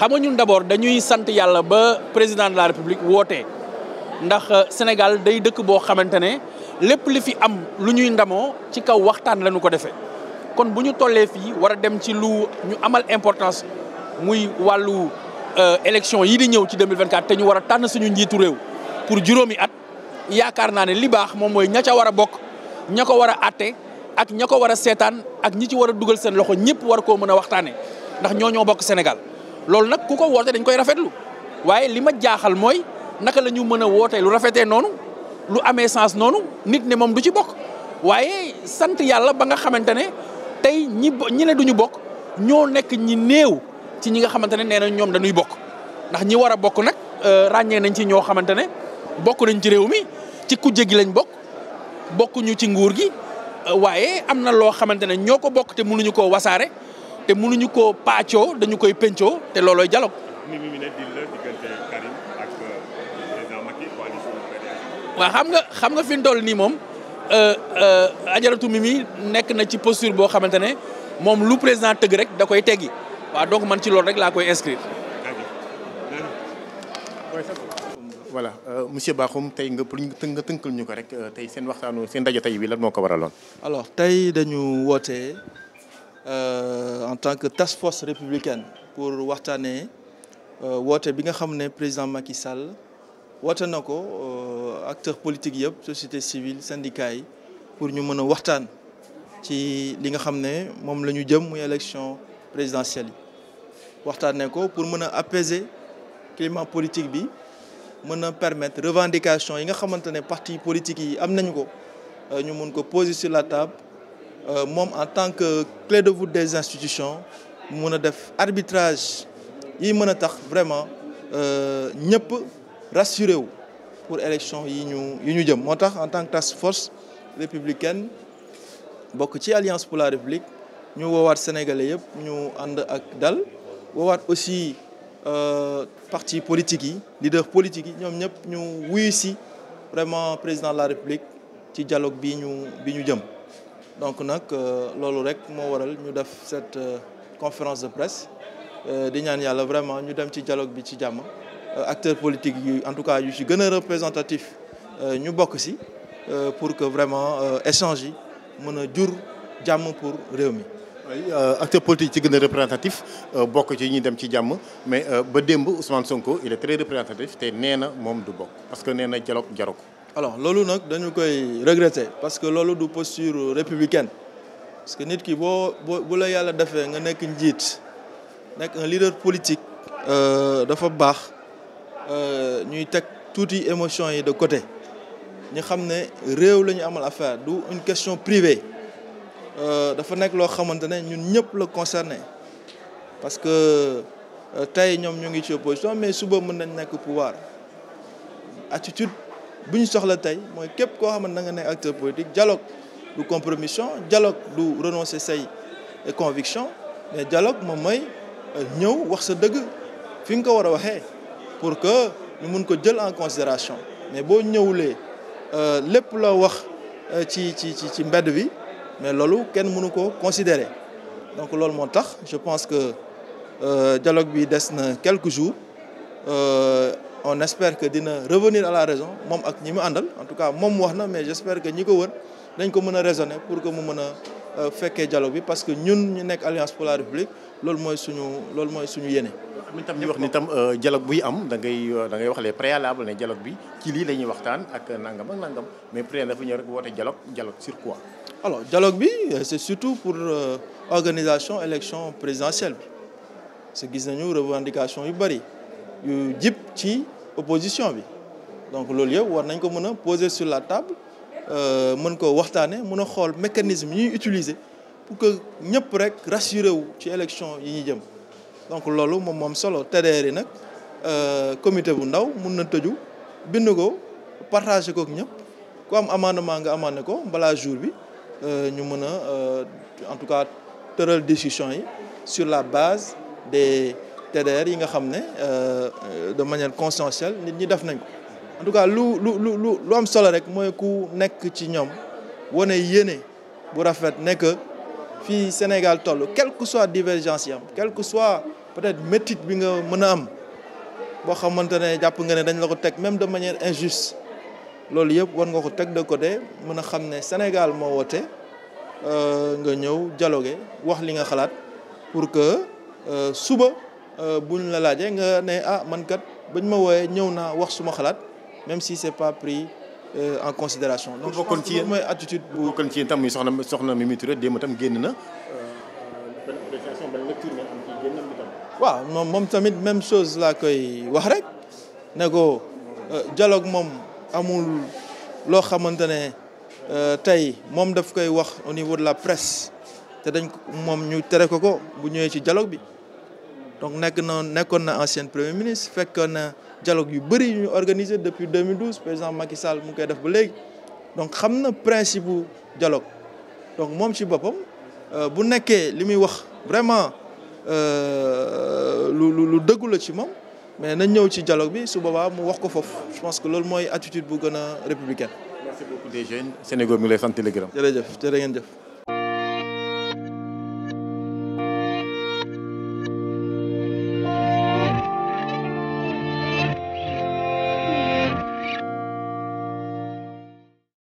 xam nga ñun d'abord dañuy sant yàlla ba président de la république woote ndax euh, Sénégal day dëkk boo xamante ne lépp li fi am lu ñuy ndamoo ci kaw waxtaan lañu ko defee kon bu ñu tollee fii war a dem ci lu ñu amal importance muy wàllu euh, élection yi di ñëw ci 2024 te ñu war a tànn suñu njiitu réew pour juróomi at yaakaar naa ne li baax moom mooy ña ca war a bokk ña ko war a àtte ak ña ko war a seetaan ak ñi ci war a dugal seen loxo ñëpp war koo mën a waxtaanee ndax ñoo ñoo bokk Sénégal loolu nag ku ko woote dañ koy rafetlu waaye li ma jaaxal mooy naka la ñu mën a wootee lu rafetee noonu lu amee sens noonu nit ne moom du ci bokk waaye sant yàlla ba nga xamante ne tey ñi ñi ne duñu bokk ñoo nekk ñi néew ci ñi nga xamante ne nee na ñoom dañuy bokk ndax ñi war a bokk nag euh, ràññee nañ ci ñoo xamante ne bokk nañ ci réew mi ci ku gi lañ bokk bokkuñu ci nguur gi waaye am na loo xamante ne ñoo ko bokk te nuñu ko wasaare te mënuñu koo paacoo dañu koy pencoo te loolooy dialogue. Euh, waaw xam nga xam nga fi mu toll nii moom euh, euh, ajaratu Mimi nekk na ci posture boo xamante ne moom lu président tëgg rek da koy teggi waaw donc man ci loolu rek laa koy inscrire. voilà monsieur Bakhoum tey nga pour nga tënkal ñu ko rek tey seen waxtaanu seen ndaje tey bi la moo ko waraloon. alors tey dañu woote. Euh, en tant que task force républicaine pour waxtaanee euh, woote bi nga xam ne président Macky Sall woote na ko euh, acteurs politiques yëpp société civile syndicats yi pour ñu mën a waxtaan ci li nga xam ne moom la ñu jëm muy élection présidentielle yi waxtaanee ko pour mën a apaiser climat politique bi mën a permettre revendication yi nga xamante ne partis politiques yi am nañu ko ñu mun ko poser sur la table. Euh, moom en tant que clé de voûte des institutions mun a def arbitrage yi mën a tax vraiment euh, ñëpp rassuré wu pour élection yi ñu yi ñu jëm moo tax en tant que task force républicaine bokk ci alliance pour la république ñu woowaat sénégalais yëpp ñu ànd ak dal woowaat aussi euh, parti politique yi leader politique yi ñoom ñëpp ñu wuyu si vraiment président de la république ci dialogue bi ñu bi ñu jëm donc nag euh, loolu rek moo waral ñu def cette euh, conférence de presse euh, di ñaan yàlla vraiment ñu dem ci jaloog bi ci jàmm acteur politiques yu en tout cas yu ci gën a représentatif ñu bokk ci pour que vraiment échange yi mën a jur jàmm pour réew mi. acteur yi ci gën a représentatif bokk ci ñu dem ci jàmm mais ba démb Ousmane Sonko il est très représentatif te nee na moom du bokk parce que nee na dialogue jaru ko alors loolu nag dañu koy regretter parce que loolu du posture républicaine parce que nit ki boo boo bu la yàlla defee nga nekk njiit nekk un leader politique. Euh, dafa baax euh, ñuy teg tuuti émotion yi de côté ñu xam ne réew la ñu amal affaire du une question privée euh, dafa nekk loo xamante ne ñun ñëpp la concerné parce que tey ñoom ñu ngi ci opposition mais suba mën nañ nekk pouvoir attitude. bu ñu soxla tey mooy képp koo xam ne na nga ne acteur politique dialogue du compromission jaloog du renoncer say conviction mais dialogue moom mooy euh, ñëw wax sa dëgg fi nga ko war a waxee pour que ñu mun ko jël en considération mais boo ñëwulee euh, lépp la wax euh, ci ci ci ci mbedd bi mais loolu kenn mënu ko considérer donc loolu moo tax je pense que dialogue bi des na quelques jours on espère que dina revenir à la raison moom ak ñi mu àndal en tout cas moom wax na mais j'espère que ñi ko wër dañ ko mën a raisonner pour que mu mën a euh, fekkee dialogue bi parce que ñun ñu nekk alliance pour la république loolu mooy suñu loolu mooy suñu yéene. tam ñu wax ni tam euh, dialogue buy am da ngay euh, da wax les préalables ne bi ci lii la ñuy waxtaan ak nangam ak nangam mais préalable dafa ñu rek woote dialogue dialogue sur quoi. alors dialogue bi c'est surtout pour organisation élection présidentielle bi parce gis nañu revendication yu bari. yu jib ci opposition bi donc loolu yëpp war nañ ko mën a poser sur la table euh, mën ko waxtaanee mën a xool mécanisme yi ñuy utiliser pour que ñëpp rek rassuré wu ci élection yi ñu jëm donc loolu moom moom solo TDR yi nag euh, comité bu ndaw mun na tëju bind ko partagé kook ak ñëpp ku am amendement nga amandé ko balaa jour bi euh, ñu mën a en tout cas tëral décision yi sur la base de TDR yi nga xam ne euh, de manière consensuelle nit ñi def nañ ko en tout cas lu lu lu lu am solo rek mooy ku nekk ci ñoom wane yéene bu rafet nekk fii Sénégal toll quelque soit divergence yi am quelle soit peut-être métit bi nga mën a am boo xamante ne jàpp nga ne dañ la ko teg même de manière injuste loolu yëpp war nga ko teg de côté mën a xam ne Sénégal moo woote euh, nga ñëw dialoguer wax li nga xalaat pour que euh, suba. bu euh, buñ la laajee nga ne ah man kat bañ ma wooyee ñëw naa wax suma xalaat même si c'est pas pris euh, en considération donc bokkoon ci yéen mooy attitude bu bokkoon ci yéen tam muy soxna soxna Mimi Touré démb tam génn na. waaw moom moom tamit même chose laa koy wax rek ne ko euh, dialogue moom amul loo xamante ne tey moom daf koy wax au niveau de la presse te dañ moom ñu tere ko ko bu ñëwee ci dialogue bi. donc nekk na nekkoon na ancien premier ministre fekkoon na dialogue yu bëri yu ñu organisé depuis 2012 président Macky Sall mu ngi koy def ba léegi donc xam na principe bu dialogue donc moom ci boppam euh, bu nekkee li muy wax vraiment euh, lu lu lu dëggu la ci moom mais na ñëw ci dialogue bi su boobaa mu wax ko foofu je pense que loolu mooy attitude bu gën a républicaine. merci beaucoup des jeunes Sénégal mi ngi lay sant di la ngeen jëf.